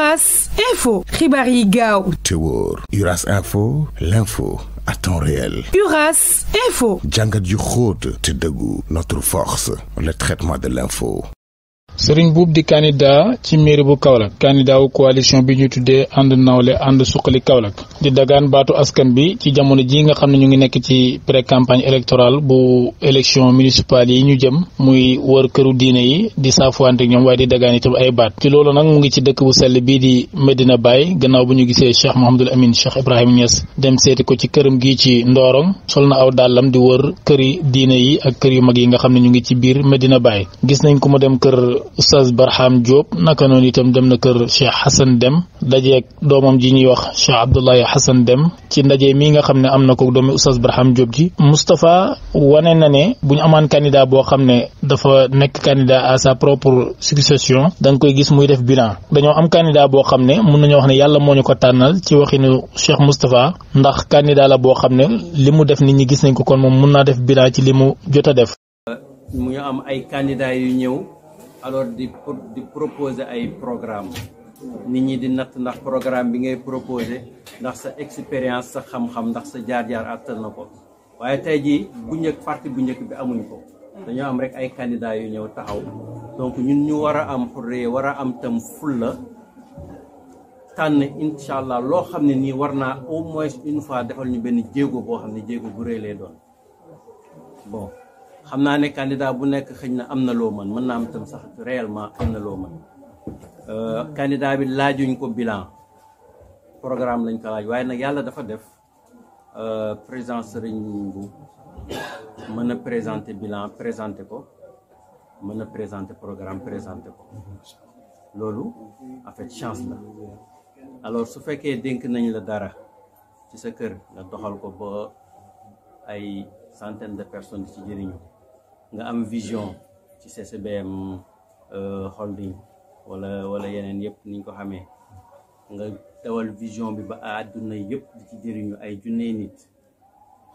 Uras Info Ribari Gao. Uras Info l'info à temps réel Uras Info jàngat yu notre force le traitement de l'info Serigne Boub di candidat ci mairie bu Kaolack candidat wu coalition bi ñu tuddee ànd nawle ànd suqali Kaolack di dagaan baatu askan bi ci jamono ji nga xam ne ñu ngi nekk ci pré campagne électorale bu élection municipale yi ñu jëm muy wër këru diine yi di saafuwante ñoom waaye di dagaan itam ay baat ci loolu nag mu ngi ci dëkk bu sell bii di Medina Baye gannaaw bu ñu gisee Cheikh Mouhamadul Amine Cheikh Ibrahim Niass dem seeti ko ci këram gi ci Ndorong sol na aw dàllam di wër këri diine yi ak kër yu mag yi nga xam ne ñu ngi ci biir Medina Baye Oustaz Barham Diop naka noonu itam dem na kër Cheikh Hassan dem dajeeg doomam ji ñuy wax Cheikh Abdoulaye Hassan dem ci ndaje mi nga xam ne am na ko doomi Oustaz Barham Diop ji Moustapha wane na ne bu ñu amaan candidat boo xam ne dafa nekk candidat à sa propre succession da nga koy gis muy def bilan dañoo am candidat boo xam ne mun nañoo wax ne yàlla moo ñu ko tànnal ci waxinu Cheikh Moustapha ndax candidat la boo xam ne li mu def nit ñi gis nañ ko kon moom mun naa def bilan ci li mu jot a def. am ay candidats yu ñëw. alors di di proposer ay programme nit ñi di natt ndax programme bi ngay proposer ndax sa expérience sa xam-xam ndax sa jaar-jaar àttal na ko waaye tey jii bu njëkk parti bu njëkk bi amuñ ko dañoo am rek ay candidats yu ñëw taxaw donc ñun ñu war a am xurree war a am tam fulla tànn incha allah loo xam ne nii war naa au moins une fois defal ñu benn jéego boo xam ne jéego bu rëy lay doon bon xam naa ne candidat bu nekk xëñ na am na loo man mën naa am tam sax réellement am na loo mën euh, candidat bi laajuñ ko bilan programme lañ ko laaj waaye nag yàlla dafa def euh, président Serigne Mbu mën a présenter bilan présenter ko mën a présenter programme présenter ko loolu en fait chance la alors su fekkee dénk nañu la dara ci sa kër nga doxal ko ba ay centaine de personnes di ci jëriñu nga am vision ci CCBM euh, holding wala wala yeneen yëpp niñ ko xamee nga dawal vision bi ba àdduna yëpp di ci jëriñu ay junney nit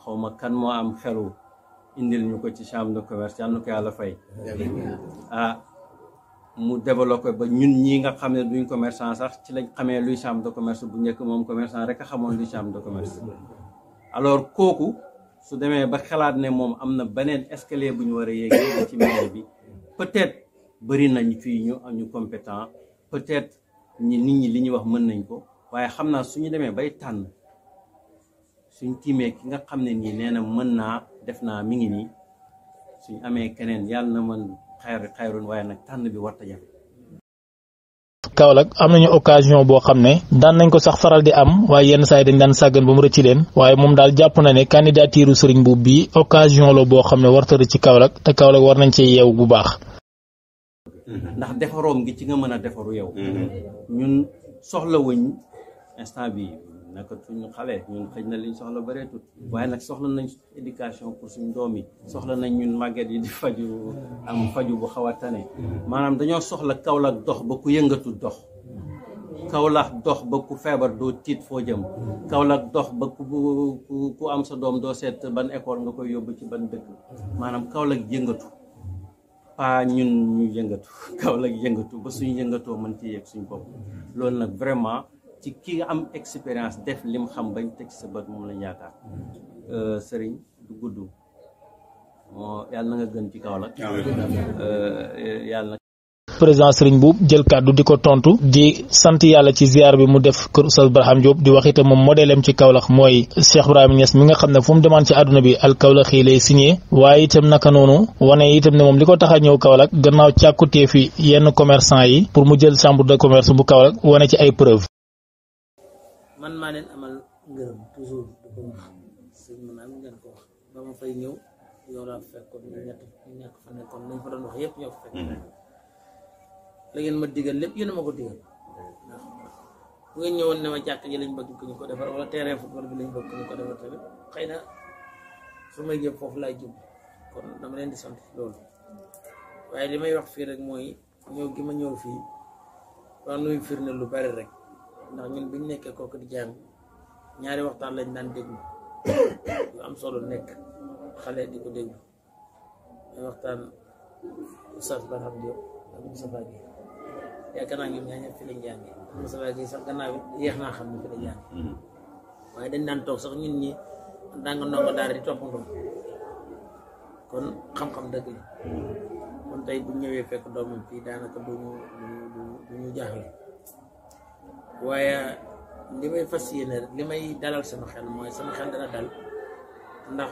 xawma kan moo am xelu indil ñu ko ci chambre de commerce yàlla na ko yàlla fay ah mu développé ba ñun ñii nga xam ne duñ commerçant sax ci lañ xamee luy chambre de commerce bu njëkk moom commerçant rek a xamoon luy chambre de commerce alors kooku su demee ba xalaat ne moom am na beneen escalier bu ñu war a yéegee ci maire bi peut-être bëri nañu fii am ñu compétent peut-être nit ñi li ñuy wax mën nañ ko waaye xam naa suñu demee bay tànn suñ tiimee ki nga xam ne nii nee na mën naa def naa mi ngi nii suñ amee keneen yàlla na mën xayru xayrun waaye nag tànn bi warta jafe Kaolack am nañu occasion boo xam ne daan nañ ko sax faral di am waaye yenn saa yi dañ daan sàggan ba mu rëcci leen waaye moom daal jàpp na ne candidature Serigne Mboup bi occasion la boo xam ne warta rëcc ci Kaolack te Kaolack war nañ cee yeew bu baax. ndax defaroom gi ci nga a defaru yow. Mm-hmm. ñun ñu xale ñun xëj na liñ soxla bëreetut waaye nag soxla nañ éducation pour suñ doom yi soxla nañ ñun màgget yi di faju am faju bu xaw a tane maanaam dañoo soxla Kaolack dox ba ku yëngatu dox Kaolack dox ba ku feebar doo tiit foo jëm Kaolack dox ba ku ku am sa doom doo seet ban école nga koy yóbbu ci ban dëkk maanaam Kaolack yëngatu paa ñun ñu yëngatu Kaolack yëngatu ba suñu yëngatoo mën ci yegg suñ bopp loolu nag vraiment ci ki nga am expérience def lim xam bañ teg sa bët moom lañ yaakaar euh, sëriñ du gudd moo na nga gën ci Kaolack euh, président Serigne Mboup jël kàddu di ko tontu di sant yàlla ci ziar bi mu def kër Oustaz Barham Diop di wax itam moom modèlem ci Kaolack mooy Cheikh Ibrahima mi nga xam ne fu mu demaan ci àdduna bi al Kaolack yi lay signé waaye itam naka noonu wane itam ne moom li ko tax a ñëw Kaolack gannaaw càkkutee fi yenn commerçant yi pour mu jël chambre de commerce bu Kaolack man ma len amal ngeureum toujours du ko wax seug man am ngeen ko wax ba ma fay ñew yow laa fekkoon ñu ñett ñu ñàkk fa nekkoon nañ fa doon wax yépp ñoo fekk mm-hmm. la ngeen ma diggal lepp yeen mako diggal bu mm-hmm. ngeen ñewon ne ma jakk ji lañ bëgg ko ñu ko defal wala terrain football bi lañ bëgg ko ñu ko defal tamit xeyna suma jëf fofu may jëm kon dama leen di sant lool waye limay wax fi rek moy ñew gi ma ñew fi wa nuy firne lu bari rek ndax ñun bi ñu nekkee kooku di jàng ñaari waxtaan lañ daan déglu yu am solo nekk xale di ko déglu ay waxtaan Oustaz Barham naa ñoom ñaar ñëpp xam ne fi lañ hmm. waaye dañ daan toog sax ñun ñi daa nga ndongo daara di toppandoo kon xam-xam dëgg la hmm. kon tey bu ñëwee fekk doomam fii daanaka du ñu du ñu waaye li may fas yéene li may dalal sama xel mooy sama xel dana dal ndax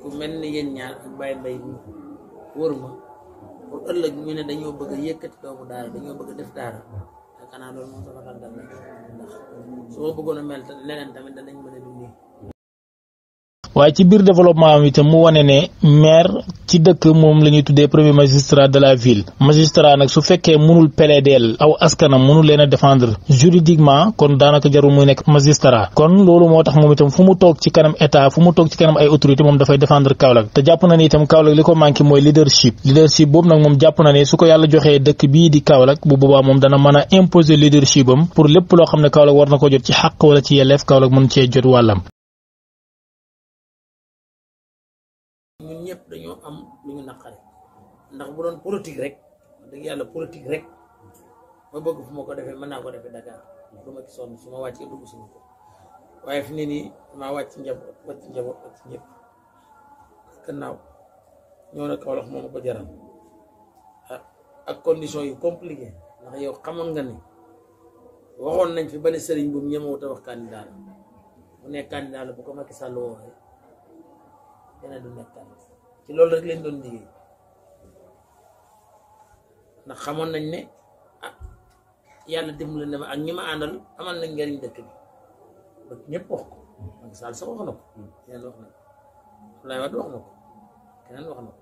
ku mel ni yéen ñaar ak Baye Mbaye mi wër ma pour ëllëg ñu ne dañoo bëgg a yëkkati doomu daara dañoo bëgg def daara xanaa loolu moom sama xel dal na ndax su ma mel leneen tamit danañ mën a waaye ci biir développement am itam mu wane ne maire ci dëkk moom la ñuy tuddee premier magistrat de la ville magistrat nag su fekkee mënul plaider aw askanam mënul leen a défendre juridiquement kon daanaka jarul muy nekk magistrat kon loolu moo tax moom itam fu mu toog ci kanam état fu mu toog ci kanam ay autorité moom dafay défendre Kaolack te jàpp na ni itam Kaolack li ko manqué mooy leadership leadership boobu nag moom jàpp na ne su ko yàlla joxee dëkk bii di Kaolack bu boobaa moom dana mën a imposer leadership am pour lépp loo xam ne Kaolack war na ko jot ci xàq wala ci yelleef Kaolack mën cee jot wàllam bu politik rek dëgg yalla politik rek ma bëgg fu moko défé defee mën ko défé Dakar du ma ci sonn su ma dugg suñu ko waye fini ni nii wacc wàcc wacc wàcc wacc wàcc kanaw ñoo nak wax moom ko jaram ak condition yu compliqué ndax yow xamoon nga ni waxon nañ fi bané sëriñ bu ñemewut ta wax candidat mu nekk candidat bu ko Macky Sall woowee dana du nekkal ci loolu rek lañ doon liggéey ndax xamoon nañ ne ah yàlla dimbali na ma ak ñi ma àndal amal nañ njëriñ dëkk bi ba ñëpp wax ko man Sall sax wax na ko keneen wax na ko lay Wade wax na ko keneen wax na ko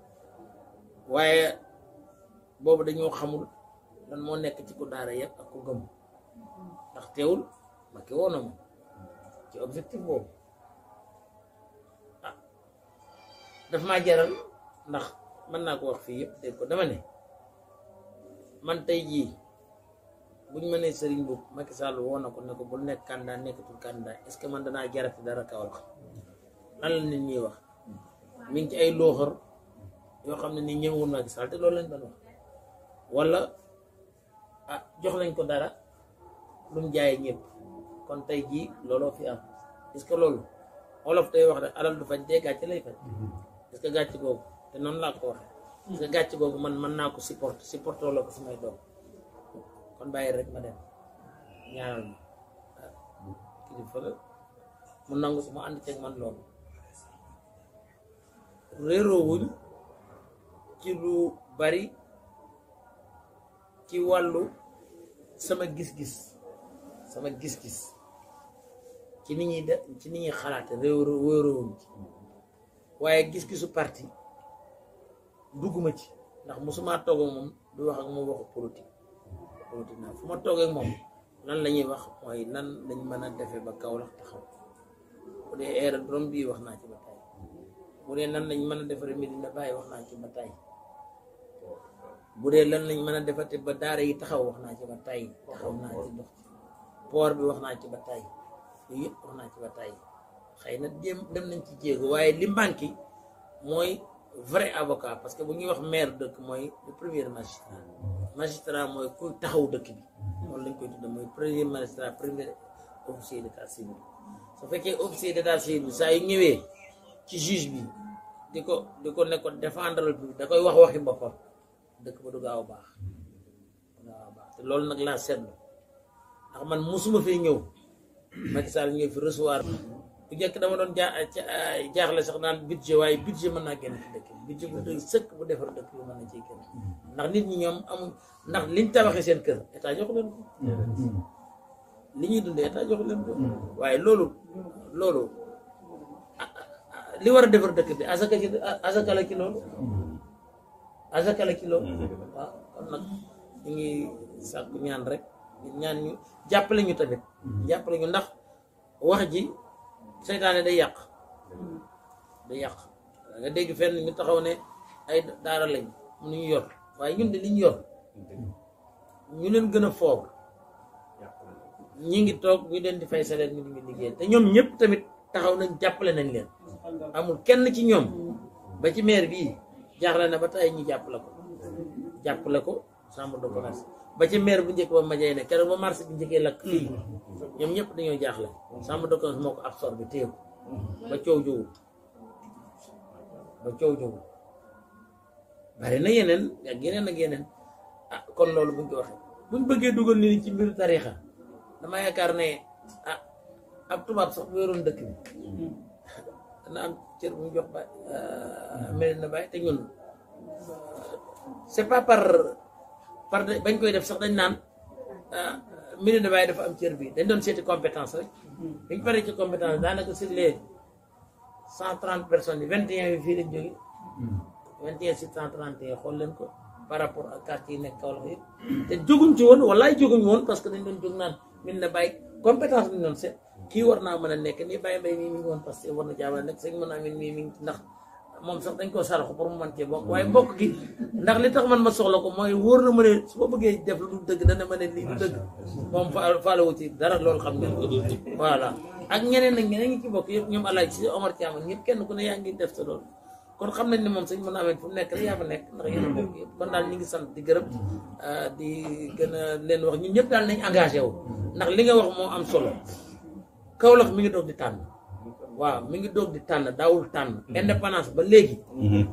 waaye boobu dañoo xamul lan moo nekk ci ku daara yëpp ak ku gëm ndax teewul ma ki na ma ci objectif boobu ah daf maa jaral ndax mën naa ko wax fii yëpp dégg ko dama ne man tey jii buñ ma nee sëriñ bu Macky Sall woo na ko ne ko bul nekk candidat nekkatul candidat est ce que man danaa jarati dara kawal ko lan la nit ñi wax mu ngi ci ay looxar yoo xam ne ni ñëwul Macky Sall te loolu lañ doon wax wala ah jox nañ ko dara lu mu jaayee ñëpp kon tey jii looloo fi am est ce que loolu wolof day wax rek alal du faj dee gàcce lay faj mm-hmm. est que gàcce boobu te noonu laa ko waxee nga gatch bobu man man nako support support lo ko sumay do kon baye rek ma dem ñaanal ma la mu nangu and ci man man rero wul ci lu bari ci walu sama gis-gis sama gis-gis ci ni ñuy de ci ni ñuy rero wul waye gis-gisu parti dugg ma ci ndax mu toog ak moom du wax ak moom waxu politique politique naa fu ma toogee moom nan la ñuy wax mooy nan lañ mën a defee ba Kaolack taxaw bu dee aérodrome bii wax naa ci ba tey bu dee nan lañ mën a defaree Medina Baye wax naa ci ba tey bu dee lan lañ mën a defate ba daara yi taxaw wax naa ci ba tey taxaw naa ci dox port bi wax naa ci ba tey yooyu wax naa ci ba tey xëy na dem dem nañ ci jéego waaye li manqué mooy vrai avocat parce que bu ñuy wax maire dëkk mooy le premier magistrat magistrat mooy ku taxaw dëkk bi loolu lañ koy tudde mooy premier magistrat premier officier d'état civil su fekkee officier d'état civil saa yu ñëwee ci juge bi di ko di ko ne ko bi da koy wax waxi boppam dëkk ba du gaaw baax te loolu nag laa seetlu ndax man musuma fee ñëw Macky Sall ñëw fi recevoir bu njëkk dama doon jaa jaaxle sax naan budget waaye budget mën naa génn ci dëkk budget bu doy sëkk bu defar dëkk lu mën na ciy ndax nit ñi ñoom amul ndax liñ tabaxee seen kër état jox leen ko li ñuy dundee état jox leen ko waaye loolu li war a defar dëkk bi asaka ci asaka la ci loolu asaka loolu waaw kon nag ñu ngi sàkku ñaan rek ñaan ñu jàppale ñu tamit jàppale ñu ndax wax ji seytaane da yàq da yàq nga dégg fenn ñu taxaw ne ay daara lañ mu ñu yor waaye ñun de liñ yor ñu leen gën a foog ñi ngi toog ñu leen di fay salaire ñu ngi liggéey te ñoom ñëpp tamit taxaw nañ jàppale nañ leen amul kenn ci ñoom ba ci meer bii jaaxle na ba tey ñu jàppale ko jàppale ko chambre de commerce ba ci maire bu ñëk ba ma jey ne keroog ba marché bu ñëké lakk fi ñom ñëpp dañu jaxlé chambre de commerce moko absorber absorbé ko ba ciow jógul ba ciow jógul bari na yenen ya yeneen ak yeneen ah kon loolu buñ ko waxee buñ bëggé duggal ni ci mbir tariixa dama yaakaar né ah ab tubab sax bu dëkk bi na am cër bu jox ba mel na bay té ñun c'est pas par ba bañ koy def sax dañ naan ah, Médina Baye dafa am cër bi dañ doon seeti compétence rek hmm. biñ paree ci compétence daanaka sur les cent trente personne yi vingt et un fii lañ jóge hmm. vingt et un sur cent ko par rapport ak quartier yi nekk Kaolack yëpp te jóguñ ci woon wallaay jóguñ woon parce que dañ doon jóg naan na Baye compétence lañ doon seet kii war naa mën a nekk nii Baye Mbaye mii mi ngi woon war na jaabal nekk sëñ mën a amin mii mi ngi moom sax dañ koo saraxu pour mu mën cee bokk waaye bokk gi ndax li tax man ma soxla ko mooy wóor na ma ne su ma bëggee def lu dëgg dana ma ne lii du dëgg moom faalewu ci dara loolu xam ngeen voilà ak ñeneen nag ñeneen ñi ci bokk yëpp ñoom alaaj si Omar Thiam ñëpp kenn ku ne yaa ngi def sa loolu kon xam nañ ne moom sëñ mën a amee fu mu nekk rek yaa fa nekk ndax yéen a bokk yëpp kon daal ñu ngi sant di gërëm euh, di gën a leen wax ñun ñëpp daal nañ engagé wu ndax li nga wax moo am solo Kaolack mi ngi doog di taan waaw mi ngi dog di tan dawul tan mhm. indépendance ba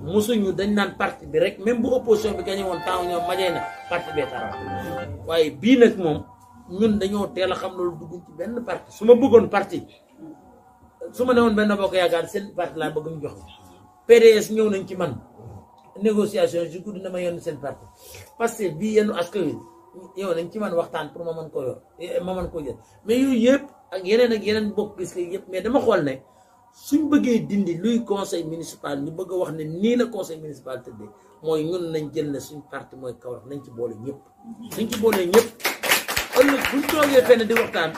musu mhm. ñu dañ nan parti bi rek même bu opposition bi gagné won taw ñoo majé na parti bi tànn waye bi nak mom ñun dañoo téla xam loolu dugg ci benn parti suma bëggoon parti suma néwon benn bokk yaakaar seen parti la bëgg ñu jox PDS ñew nañ ci man négociation ci guddi na ma yoon seen parti parce que bi yenu askan yow nañ ci man waxtaan pour ma man ko yor ma man ko jël mais yooyu yépp ak yeneen ak yeneen bokk gis yépp mais dama xool ne suñ bëggee dindi luy conseil municipal ñu bëgg wax ne ni la conseil municipal tëddee moy ñun nañ jël ne suñ parti moy Kaolack nañ ci boole ñëpp nañ ci boolee ñëpp ëllu buñ toogee fenn di waxtaan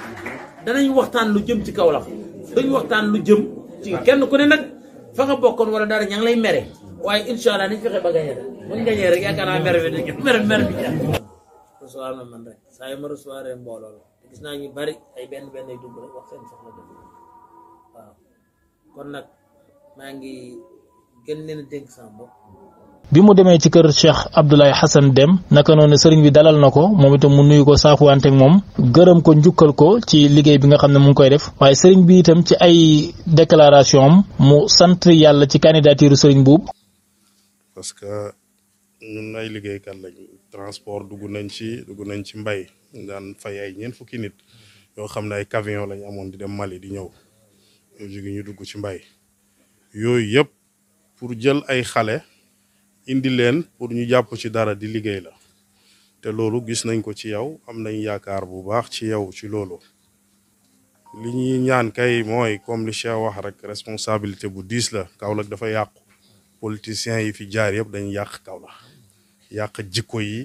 danañ waxtaan lu jëm ci Kaolack dañ waxtaan lu jëm ci kenn ku ne nak fa nga bokkon wala dara ñang lay mere waye inshallah ni fexé ba gañee rek buñ gañee rek yaakaar naa mere bi dina mere mere bi recevoir na man rek say yu ma recevoir la gis na ñu bari ay benn benn ay dugg rek wax seen soxla dëgg waaw kon nag maa ngi gën bi mu demee ci kër Cheikh Abdoulaye Hassan dem naka noonu sëriñ bi dalal na ko moom itam mu nuyu ko saafuwante ak moom gërëm ko njukkal ko ci liggéey bi nga xam ne mu ngi koy def waaye sëriñ bi itam ci ay déclaration am mu sant yàlla ci candidature sëriñ buub parce que ñun ay liggéeykat lañ transport dugg nañ ci dugg nañ ci mbay daan fay ay ñeent fukki nit yoo xam ne ay camion lañ amoon di dem Mali di ñëw ñu ñu dugg ci mbay yooyu yëpp pour jël ay xale indi leen pour ñu jàpp ci dara di liggéey la te loolu gis nañ ko ci yow am nañ yaakaar bu baax ci yow ci loolu li ñuy ñaan kay mooy comme li Cheikh wax rek responsabilité bu diis la Kaolack dafa yàqu politiciens yi fi jaar yëpp dañ yàq Kaolack yàq jikko yi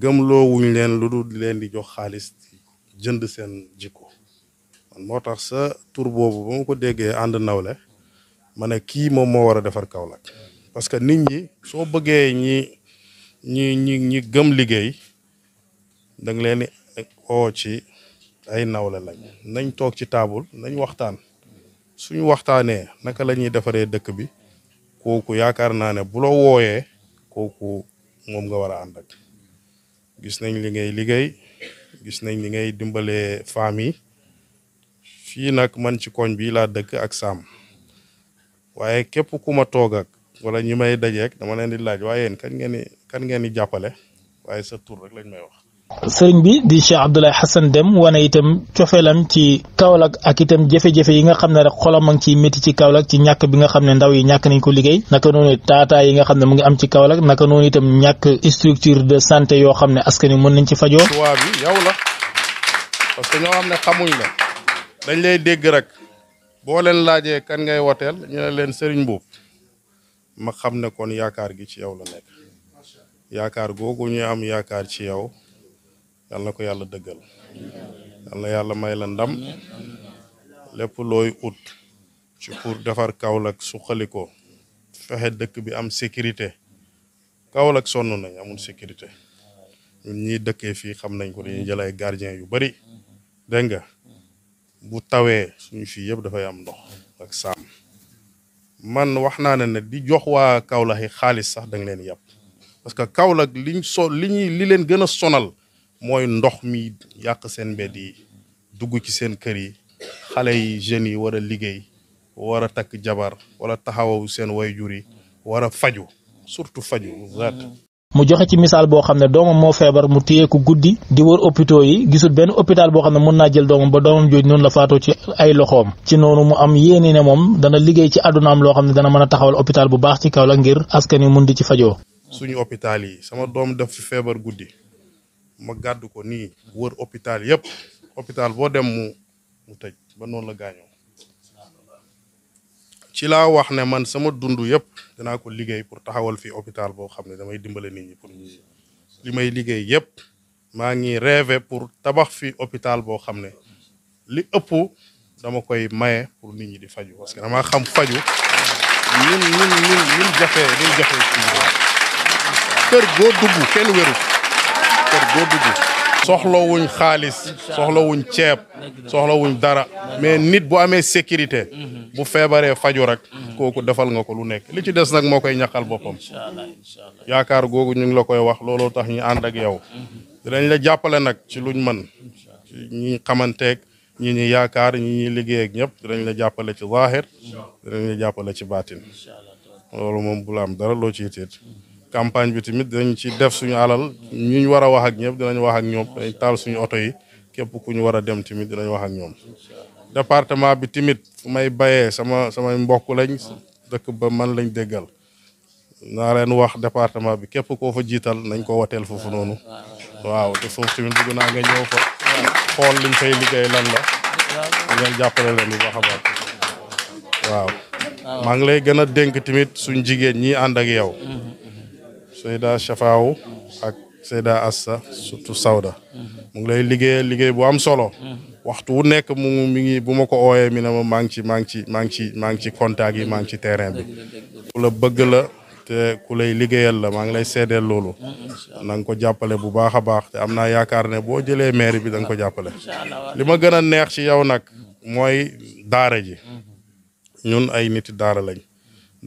gëmloo wuñ leen lu dul leen di jox xaalis jënd seen jikko moo tax sa tur boobu ba ma ko déggee ànd nawle ma ne kii moom moo war a defar Kaolack parce que nit ñi soo bëggee ñi ñi ñi ñi gëm liggéey da nga leen oo ci ay nawle lañ nañ toog ci taabul nañ waxtaan suñu waxtaanee naka lañuy defaree dëkk bi kooku yaakaar naa ne bu la wooyee kooku moom nga war a ànd ak gis nañ li ngay liggéey gis nañ li ngay dimbalee famille fii nag man ci koñ bi laa dëkk ak saam waaye képp ku ma toog ak wala ñi may dajeek dama leen di laaj waaye yéen kan ngeen di kan ngeen di jàppale waaye sa tur rek lañ may wax. sëriñ bi di Cheikh Abdoulaye Hassan dem wane itam cofeelam ci Kaolack ak itam jafe-jafe yi nga xam ne rek xolam a ngi ciy métti ci Kaolack ci ñàkk bi nga xam ne ndaw yi ñàkk nañ ko liggéey naka noonu taataa yi nga xam ne mu ngi am ci Kaolack naka noonu itam ñàkk structure de santé yoo xam ne askan wi mën nañ ci fajoo. waa bi yow la parce ñoo xam ne dañ lay dégg rek boo leen laajee kan ngay woteel ñu ne leen sëriñ buub ma xam ne kon yaakaar gi ci yow la nekk yaakaar googu ñu am yaakaar ci yow yal na ko yàlla dëggal yal na yàlla may la ndam lépp looy ut ci pour defar Kaolack suqali ko fexe dëkk bi am sécurité Kaolack sonn nañ amul sécurité ñun ñiy dëkkee fii xam nañ ko dañuy jël ay gardien yu bari dégg nga bu tawee suñu fii yëpp dafay am ndox ak saam man wax naa ne ne di jox waa Kaolack yi xaalis sax da leen yàpp parce que Kaolack liñ so li li leen gën a sonal mooy ndox mi yàq seen mbedd yi dugg ci seen kër yi xale yi jeunes yi war a liggéey war a takk jabar wala taxawaw seen way jur yi war a faju surtout faju zaat mu joxe ci misaal boo xam ne doomam moo feebar mu téye ko guddi di wër hôpitaux yi gisul benn hôpital boo xam ne mën naa jël doomam ba doomam jooju noonu la faatoo ci ay loxoom ci noonu mu am yéene ne moom dana liggéey ci àddunaam loo xam ne dana mën a taxawal hôpital bu baax ci kaw la ngir askan wi mun di ci fajoo. suñu hôpital yi sama doom def fi feebar guddi ma gàdd ko nii wër hôpital yépp hôpital boo dem mu mu tëj ba noonu la gaañoo ci laa wax ne man sama dund yëpp dinaa ko liggéey pour taxawal fii hôpital boo xam ne damay dimbale nit ñi li may liggéey yëpp maa ngi rêvé pour tabax fii hôpital boo xam ne li ëpp dama koy maye pour nit ñi di faju parce dama xam faju ñun ñun ñun ñun jafe ñun jafe kër goo dugg kenn wéru kër goo dugg soxlawuñ xaalis soxlawuñ ceeb soxla wuñ dara mais nit bu amee sécurité bu feebaree faju rek kooku defal nga ko lu nekk li ci des nag moo koy ñaqal boppam yaakaar googu ñu ngi la koy wax looloo tax ñu ànd ak yow dinañ la jàppale nag ci luñ man ci ñi xamanteeg ñi ñi yaakaar ñi ñuy liggéey ak ñëpp dinañ la jàppale ci zaahir dinañ la ci baatin loolu moom bu am dara loo ci tiit campagne bi tamit dinañ ci def suñu alal ñu wara wax ak ñepp dinañ wax ak ñom dinañ taal suñu auto yi kep ku ñu wara dem tamit dinañ wax ak ñom département bi tamit may bayé sama sama mbokk lañ dekk ba man lañ déggal na leen wax département bi kep ko fa jital nañ ko wotel fofu nonu waaw te fofu tamit bëgg naa nga ñëw fa xol liñ fay liggéey lan la ngeen jappalé leen bu waaw ma ngi lay gëna dénk jigéen ñi and ak yow Seyda Shafaaw ak Seyda Assa surtout Sawda mu ngi lay liggéeyal liggéey bu am solo waxtu wu nekk mu mu ngi bu ma ko ooyee mi ne ma ngi ci maa ngi ci maa ngi ci maa ngi ci contact yi maa ngi ci terrain bi ku la bëgg la te ku lay liggéeyal la maa ngi lay seedeel loolu na nga ko jàppale bu baax a baax te am naa yaakaar ne boo jëlee maire bi da ko jàppale li ma gën a neex ci yow nag mooy daara ji ñun ay nit daara lañ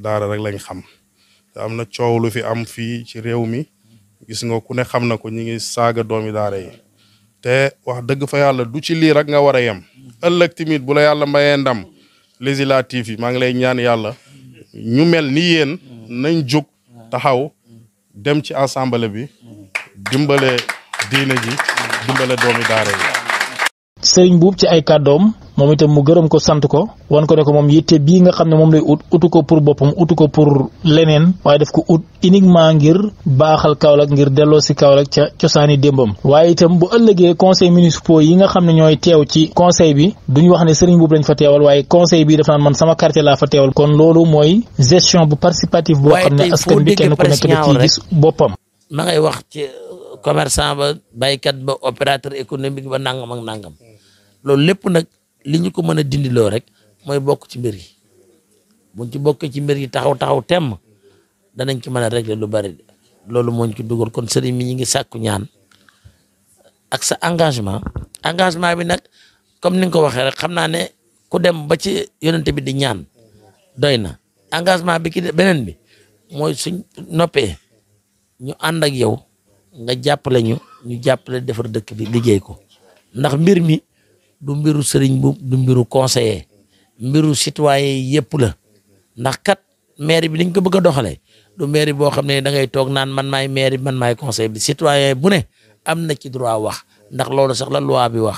daara rek lañ xam te am na coow lu fi am fii ci réew mi gis nga ku ne xam na ko ñi ngi saaga doomi daara yi te wax dëgg fa yàlla du ci lii rek nga war a yem ëllëg timit bula yàlla mayee ndam législatif yi maa ngi lay ñaan yàlla ñu mel ni yéen nañ jóg taxaw dem ci assemblée bi dimbale diine ji dimbale doomi daara yi sëriñ buub ci ay kàddoom moom itam mu gërëm ko sant ko wan ko ne moom yitte bii nga xam ne moom lay ut utu ko pour boppam utu ko pour leneen waaye daf ko ut uniquement ngir baaxal Kaolack ngir delloo si Kaolack ca cosaani démbam waaye itam bu ëllëgee conseil municipal yi nga xam ne ñooy teew ci conseil bi duñu wax ne sëriñ boobu lañ fa teewal waaye conseil bi dafa naan man sama quartier laa fa teewal kon loolu mooy gestion bu participative boo xam ne askan bi kenn ku nekk da ciy gis ngay wax ci commerçant ba baykat ba opérateur économique ba nangam ak nangam li ñu ko mën a dindiloo rek mooy bokk ci mbir yi buñ ci bokkee ci mbir yi taxaw taxaw temm danañ ci mën a régler lu bari loolu moo ci dugal kon sëriñ mi ñu ngi sàkku ñaan ak sa engagement engagement bi nag comme ni ko waxee rek xam naa ne ku dem ba ci yonent bi di ñaan doy na engagement bi ki beneen bi mooy su noppee ñu ànd ak yow nga jàppale ñu ñu jàppale defar dëkk bi liggéey ko ndax mbir mi du mbiru sëriñ bu du mbiru conseiller mbiru citoyen yëpp la ndax kat maire bi liñ ko bëgg a doxalee du maire boo xam ne da ngay toog naan man maay maire bi man maay conseiller bi citoyen bu ne am na ci droit wax ndax loolu sax la loi bi wax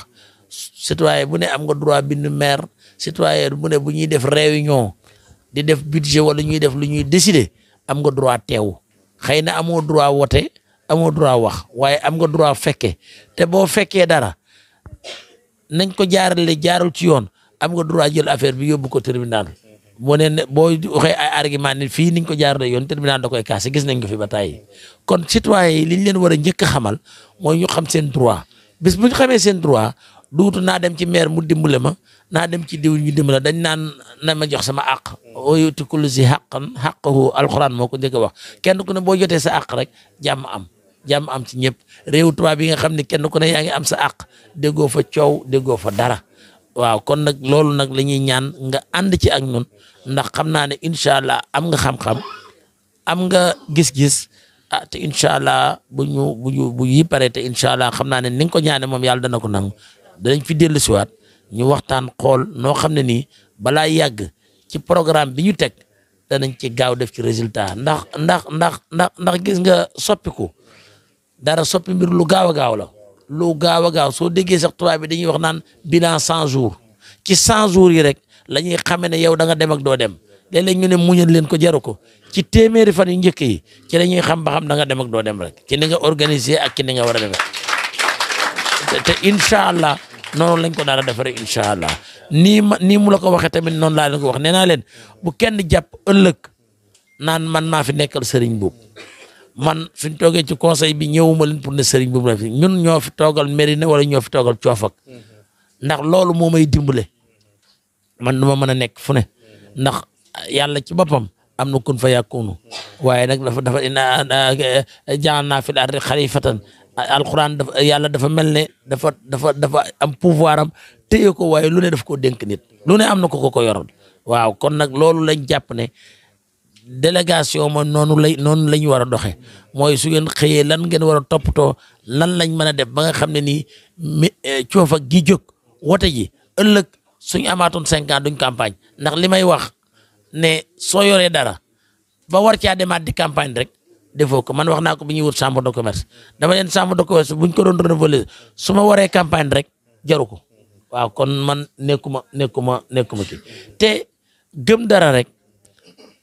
citoyen bu ne am nga droit bind maire citoyen bu ne bu ñuy def ñoo di def budget wala ñuy def lu ñuy décider am nga droit teew xëy na amoo droit wote amoo droit wax waaye am nga droit fekke te boo fekkee dara nañ ko jaarale jaarul ci yoon am nga droit jël affaire bi yóbbu ko tribunal boo nee ne boo waxee ay argument fii niñ ko jaarle yoon tribunal da koy kaase gis nañ ko fi ba tàyyi kon citoyen yi liñ leen war a njëkk a xamal mooy ñu xam seen droit bis bu ñu xamee seen droit duutu naa dem ci maire mu dimbale ma naa dem ci diw ñu dimbale dañ naan na ma jox sama àq ooyuti kullu si xaqan xaqahu alxuraan moo ko njëkk a wax kenn ku ne boo jotee sa àq rek jàmm am jàmm am ci ñëpp réew tubaab nga xam ne kenn ku ne yaa ngi am sa àq déggoo fa coow déggoo fa dara waaw kon nag loolu nag la ñuy ñaan nga ànd ci ak noon ndax xam naa ne incha allah am nga xam-xam am nga gis-gis ah te incha allah bu ñu bu ñu bu yi incha allah xam naa ne ni nga ko ñaane moom yàlla dana ko nangu danañ fi dellu siwaat ñu waxtaan xool noo xam ne nii balaa yàgg ci programme bi ñu teg danañ ci gaaw def ci résultat ndax ndax ndax ndax ndax gis nga soppiku dara soppi mbir lu gaaw a gaaw la lu gaaw a gaaw soo déggee sax tubaab bi dañuy wax naan bilan cent jour ci cent jour yi rek la ñuy xamee ne yow da nga dem ak doo dem léeg-léeg ñu ne muñal leen ko jaru ko ci téeméeri fan yu njëkk yi ci ñuy xam ba xam da nga dem ak doo dem rek ci ni nga organiser ak ci ni nga war a demee te incha allah noonu lañ ko daan a defaree allah nii nii mu la ko waxee tamit noonu laa leen ko wax nee naa leen bu kenn jàpp ëllëg naan man maa fi nekkal sëriñ boobu man suñ toogee ci conseil bi ñëwuma leen pour ne sëriñ bu mu fi ñun ñoo fi toogal Mérina wala ñoo fi toogal coofak ndax loolu moo may dimbale man du ma mën a nekk fu ne ndax yàlla ci boppam am na kun fa yàkkoonu waaye nag dafa dafa jaan naa fi daal rek xalifatan alquran dafa yàlla dafa mel ne dafa dafa dafa am pouvoir ko waaye lu ne daf koo dénk nit lu ne am na ko ko ko yoral waaw kon nag loolu lañ jàpp délégation ma noonu lay noonu la ñu war a doxee mooy su ngeen xëyee lan ngeen war a toppatoo lan lañ mën def ba nga xam ne ni mi e, coofa gi jóg wote ji ëllëg suñu amaatoon cinq du duñ campagne ndax li may wax ne soo yoree dara ba war caa demaat di campagne rek defoo ko man wax naa ko bi ñuy wut chambre de commerce dama leen chambre de bu buñ ko doon renouveler su ma waree campagne rek jaru ko waaw kon man nekkuma nekkuma nekkuma te gëm dara rek.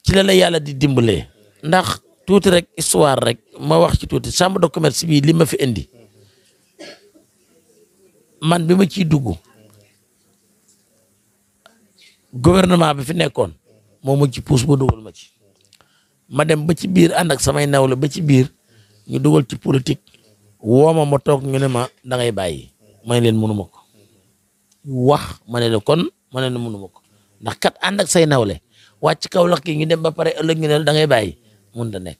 ci la la yàlla di dimbalee ndax tuuti rek histoire rek ma wax ci tuuti chambre de commerce bii li ma fi indi man bi ma ciy dugg gouvernement bi fi nekkoon moo ma ci pousse ba dugal ma ci ma dem ba ci biir ànd ak samay nawle ba ci biir ñu dugal ci politique woo ma ma toog ñu ne ma da ngay bàyyi ma ne leen mënu ma ko wax ma ne la kon ma ne la mënu ma ko ndax kat ànd ak say nawle wàcc Kaolack gi ñu dem ba pare ëllëg ñu ne da ngay bàyyi mun da nekk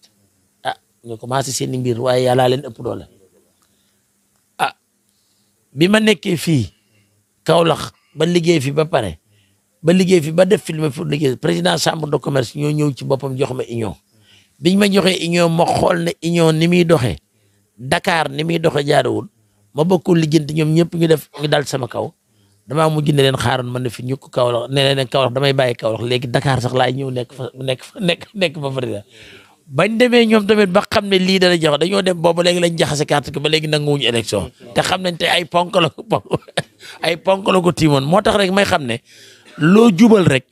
a ah, ñu commencé seen i mbir waaye yàllaa leen ëpp doole ah bi ma nekkee fii Kaolack ba liggéey fi ba pare ba liggéey fi ba def film pour liggéey président chambre de commerce ñoo ñëw ci boppam jox ma union biñ ma joxee union ma xool ne union ni muy doxee dakaar ni muy doxee jaaduwul ma bokkul lijjanti ñoom ñëpp ñu def ñu dal sama kaw dama mujj ne leen xaaroon man ne fi ñukk Kaolack ne leen Kaolack damay bàyyi Kaolack léegi Dakar sax laay ñëw nekk fa nekk fa nekk nekk fa fari bañ ñoom tamit ba xam ne lii dana jax dañoo dem boobu léegi lañ jaxase carte que ba léegi nanguwuñu élection te xam nañ te ay ponk la ko ay ponk la ko tiimoon moo tax rek may xam ne loo jubal rek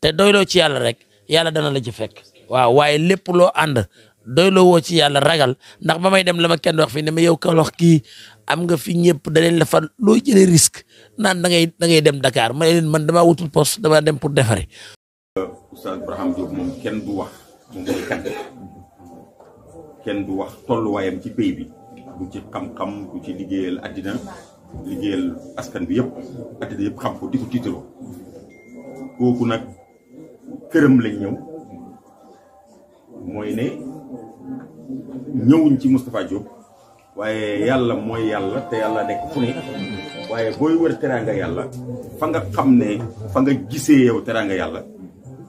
te doyloo ci yàlla rek yàlla dana la ci fekk waaw waaye lépp loo ànd doyloo wo ci yalla ragal ndax bamay dem lama kenn wax fi ne ma yow wax ki am nga fi ñepp da leen la fa lo jëlé risque nan da ngay da ngay dem Dakar ma leen man dama wutul poste dama dem pour défaré oustad ibrahim Diop mom kenn du wax moom mooy kan kenn du wax tollu wayam ci pays bi bu ci xam-xam bu ci liggéeyal adina liggéeyal askan bi yépp adina yépp xam ko diko ko koku nak kërëm lañ ñëw moy né ñëwuñ ci Moustapha Diop waaye yàlla mooy yàlla te yàlla nekk fu ne waaye booy wër teraanga yàlla fa nga xam ne fa nga gisee yow teraanga yàlla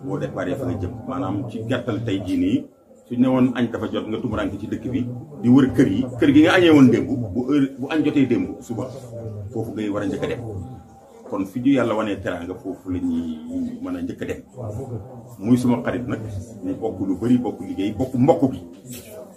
boo def départ fa nga jëm maanaam ci gàttal tey jii nii su ne woon añ dafa jot nga tumuraanke ci dëkk bi di wër kër yi kër gi nga añee woon démb bu heure bu añ jotee démb suba foofu ngay war a njëkk a dem kon fi ñu yàlla wanee teraanga foofu la ñuy mën a njëkk a dem muy suma xarit nag ñu bokk lu bëri bokk liggéey bokk mbokk bi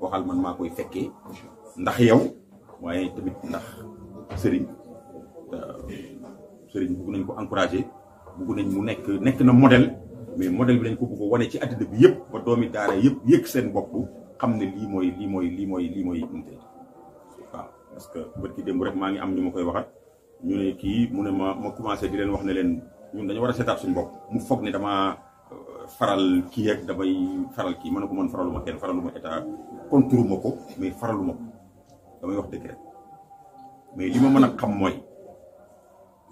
waxal man maa koy fekkee ndax yow waaye tamit ndax sëriñ euh, sëriñ bëgg nañ ko encouragé bëgg nañ mu nekk nekk na modèle mais modèle bi dañ ko bugg a wane ci àddina bi yëpp ba doomi daara yëpp yëg seen bopp xam ne lii mooy lii mooy lii mooy lii mooy parce que bët ki démb rek maa ngi am ñu ma koy waxat ñu kii mu ne ma ma commencé di leen wax ne leen ñun dañu war a seetaat suñu bopp mu foog ne damaa faral kii rek damay faral kii mën na ko mën faraluma kenn faraluma état contouruma ko mais faraluma ko damay wax dëgg rek mais li ma mën a xam mooy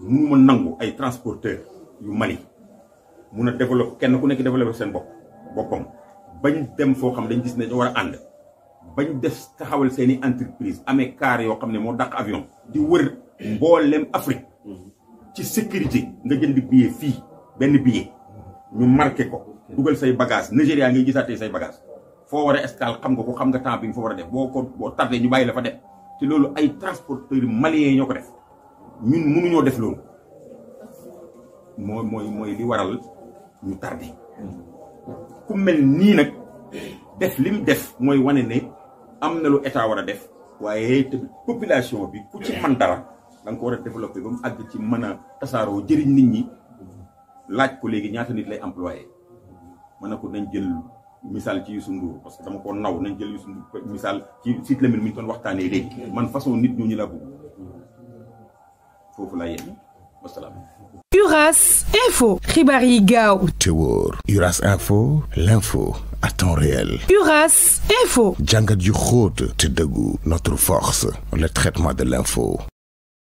mënuma nangu ay transporteur yu Mali mun a développé kenn ku nekk développé seen bopp boppam bañ dem foo xam dañ gis ne dañoo war a ànd bañ des taxawal seen i entreprise amee car yoo xam ne moo dàq avion di wër mboolem Afrique mm-hmm. ci sécurité nga jënd billet fii benn billet ñu marqué ko dugal say bagage Nigéria ngay gisaatee say bagage foo war a escale xam nga ko xam nga temps bi nga war a def boo ko boo tardé ñu bàyyi la fa dem te loolu ay transporteurs maliens ñoo ko def ñun mënuñoo def loolu mooy mooy mooy li waral ñu tardé ku mel nii nag def lim def mooy wane ne am na lu état war a def waaye te population bi ku ci man dara ko war a développé ba mu àgg ci mën a tasaaroo jëriñ nit ñi laaj ko léegi ñaata nit lay employé ma ko nañ jël misaal ci Youssou Ndour parce que dama ko naw nañ jël Youssou Ndour misaal ci site Lamine mi ton doon waxtaanee man façon nit ñu ñooñu laa bëgg foofu laa yem wasalaam. Uras Info. xibaar yi gaaw. te Uras Info l'info à temps réel. Uras Info. jàngat yu xóot te notre force le traitement de l'info.